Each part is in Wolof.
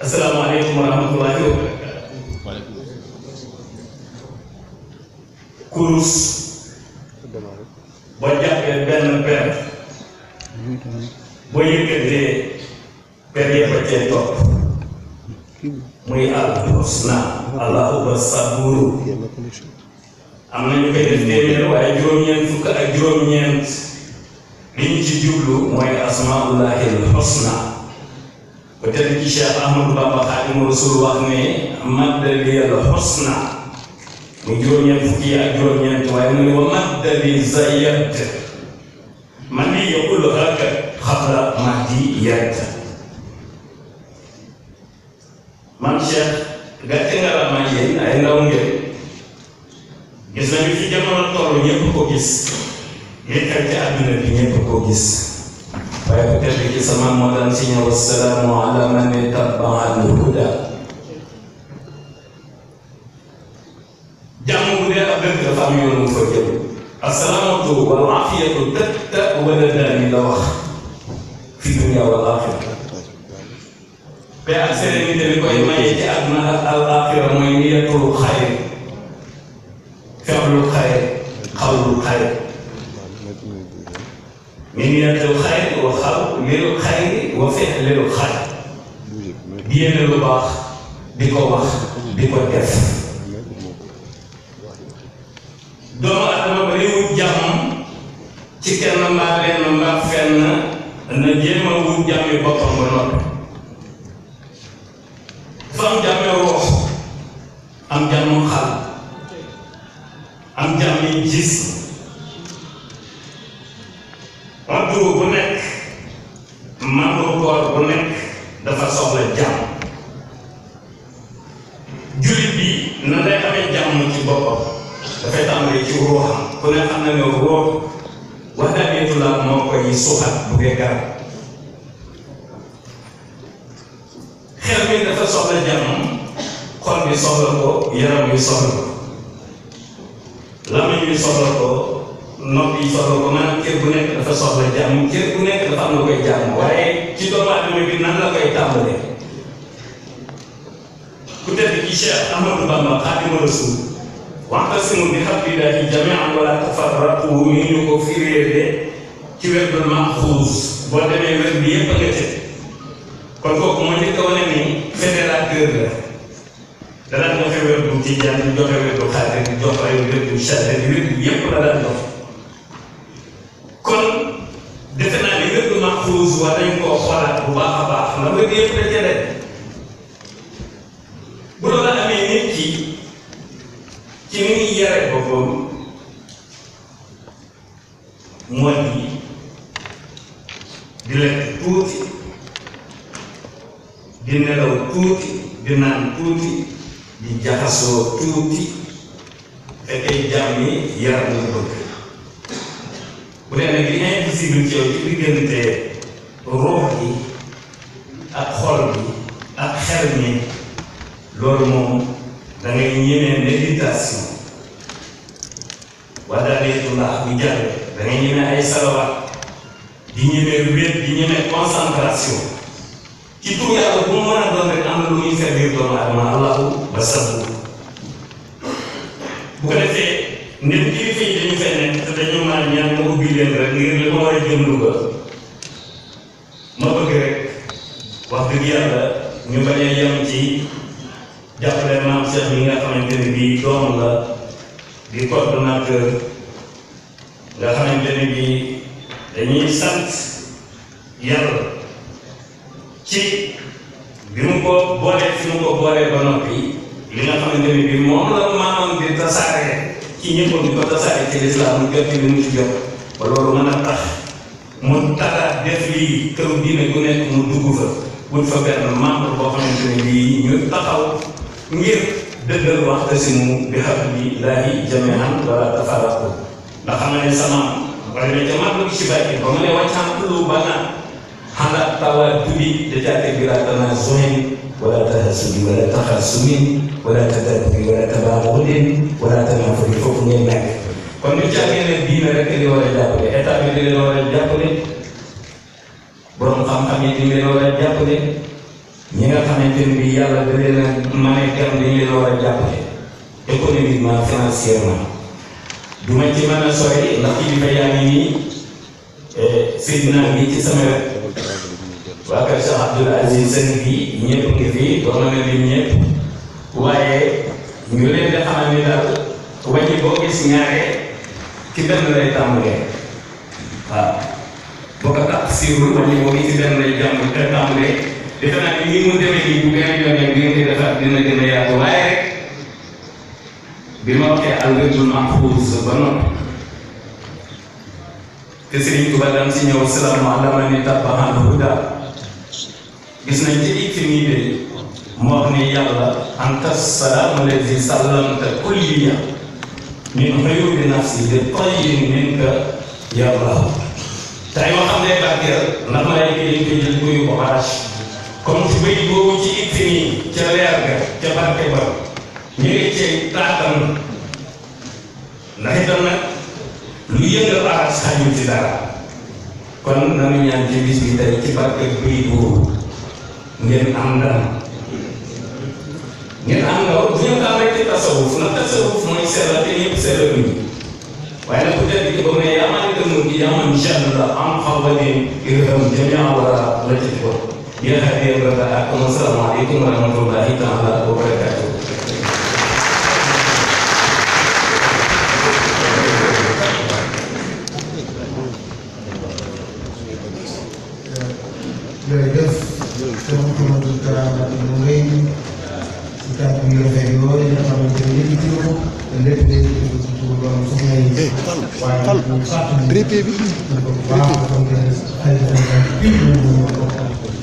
asalaamaaleykum wa rahmatullaahi kurus boo jàppee benn per boo yëkkatee per yëpp a cee topp muy al husna allahuma saburu am nañu koy def téeméer waaye juróom-ñeent fukk ak juróom-ñeent liñ ci jublu mooy asmaullahi al husna وتلك الشيخ أحمد بابا خادم رسول وخمي مد لي الحسنى مجرون ينفكي أجرون ينتوين ومد لي زيت من يقول هكذا قبل مهديات man cheikh gàcce nga la ma yéen ay ndaw ngeen gis nañu fi jamono ko gis nekkal ci bi ko gis waaye ku tedd gi sama moo daan ci ñëw assalaamu ala man ittaba'a al-huda jàmm bu dee ab dëkk dafa am yoon mu fa jëm assalaamatu wal afiyatu tatta wala daani la wax fi dunya wal axira ba ak sérénité bi koy maye ci àdduna ak al axira mooy niyatul xayr fi'lul xayr qawlul xayr niyatul xayri wa xawlil xayri wa fi'lil xayri yéene lu baax di ko wax di ko def doomu adama ba wut jàmm ci kenn mbaa lenn mbaa fenn na jéem wut jàmm boppam ba noppi dafa am jàmm am jàmm xal am jàmm gis nan lay amee jàmm ci boppam dafay tàmbalee ci ruuxam ku ne xam na ne ruux waxtaanee la moo koy suuxat bu dee garab xel mi dafa soxla jàmm xol bi soxla ko yaram bi soxla ko lamañ bi soxla ko. nopp yi soxla ko maanaam kër bu nekk dafa soxla jàmm kër bu nekk dafa am na koy jàmm waaye ci doomu aadama bi nan la koy tàmbalee ku tedd ki Cheikh Ahmadou Bamba Xaadimu Rasuul wa'tasimu bi hablillahi jamii'an wa laa tafarraqu ñu ñu ko firiiree ci werdul maxuus boo demee werd bi yépp a kon kooku moo njëkk a wane ni fédérateur la danañ joxe werdu Tijaan di joxe werdu joxe werdu Chaadir werdu yépp la daan jox kon defe naa ni werdu maxuus war nañ koo xoolaat bu baax a baax la wér yépp la bu loolu amee nit ki ci ni muy yare boppam mooy ni di lekk tuuti di nelaw tuuti di naan tuuti di jaxasoo tuuti fekkee jàmm yi yaram la bëgg bu dee nag li invisible ci yow ci diggante ruux yi ak xol bi ak xel mi loolu moom da ngay ñemee méditation wadalitullah bu jàll da ngay ñemee ay salawaat di ñemee wéet di ñemee concentration ci tur yàlla bu mën a doon rek am na lu muy servir doomu adama allahu ba sabbu bu ko defee nit kilifa yi dañu fay nekk te dañu maa ñaan ma ubbi leen rek ngir li ma war a jëm ma bëgg rek wax dëgg yàlla ñu bañ a yem ci jàppale maam Cheikh yi nga xamante ne bii doom la di nga xamante ne bii sant yàlla ci bi mu ko fi mu ko ba noppi li nga xamante ne bii la maamam di tasaare ci ñëpp di ko tasaare ci lislaam mu jot li mu ci jot ba loolu mën a tax mu taxaat def lii kër diine ku nekk mu dugg fa wut fa benn membre boo xamante ne bii ñu taxaw ngir dengan wax tasimu bi hablillahi jami'an wala tafarraqu ndax xam sama wala ne jamaat lu ci bàyyi ba mu ne wàccaan kullu bana handa tawa dubi da jate gira tana zuhin wala tahasudi wala tahasumi wala tadabburi wala tabaghudin wala tanafuri foofu ngeen nekk kon ñu jàngee ne diine rek li war a jàppale bi di leen war a jàppale borom xam-xam yi di leen war a ñi nga xamante ne bii mane gan dañ leen war a jàppale économiquement financièrement ci mën a sori ndax kilifa yaa ngi nii eh, Seydina bi ci sama wet waa kër Cheikh Abdoul Aziz sëñ bi ñëpp ngi fi ba mën a lim ñëpp waaye ñu leen di xamal ni daal wàññi boo gis ñaare ci benn lay tàmbalee waaw boo ko tax siiwul wàññi boo gis benn lay jàmm te tàmbalee defe naa ni mu demee nii bu benn yoon rek ngeen koy defar dina gën a yaatu waaye rek bi ma waxee alwaytul mahfuus ba noppi te Sëriñ Tuubaa daan si ñëw salaamu alaa man ittaba'a al-hudaa gis nañ ci it nii de mu wax ni yàlla anta salaamu allazi sallamta kulliya min uyuubi nafsi bi tayyin minka ya Allah tey ma xam ne bàkkeel ndax malaaka yi dañ koy jël kuyu ko arach kon ci bay boobu ci itti nii ca leer ga ca barke ba taatam ndax itam nag lu yëngal aar sañu ci dara kon nañu ñaan ci bis bi tey ci barke bay boobu ngeen am kita ngeen am ndaw bu ñu am rek ci tasawuf nag tasawuf mooy sellal te ñëpp sellal ñu waaye nag ku tedd allah am xaw ba ne wala Bila a berkata, Assalamualaikum warahmatullahi taala wabarakatuh. Gracias. Estamos com o Dr. Mourinho, citado em meu interior, e na parte político, ele é político do futuro, não sou mais. Fala, fala. Tripe, tripe. Tripe.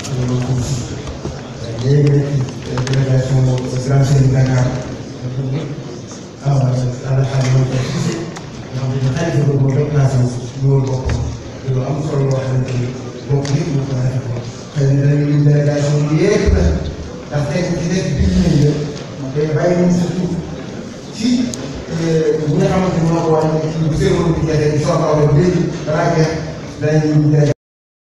dañu dañu lim délégation bi yëpp nag ndax tey ci nekk biir nañ la day bàyyi nañ sa tur ci ñi nga xamante ni ñoo ko wàññi ci bu séeréer bi ñu joxe ci soo ko awee léegi balaa ngeen danañ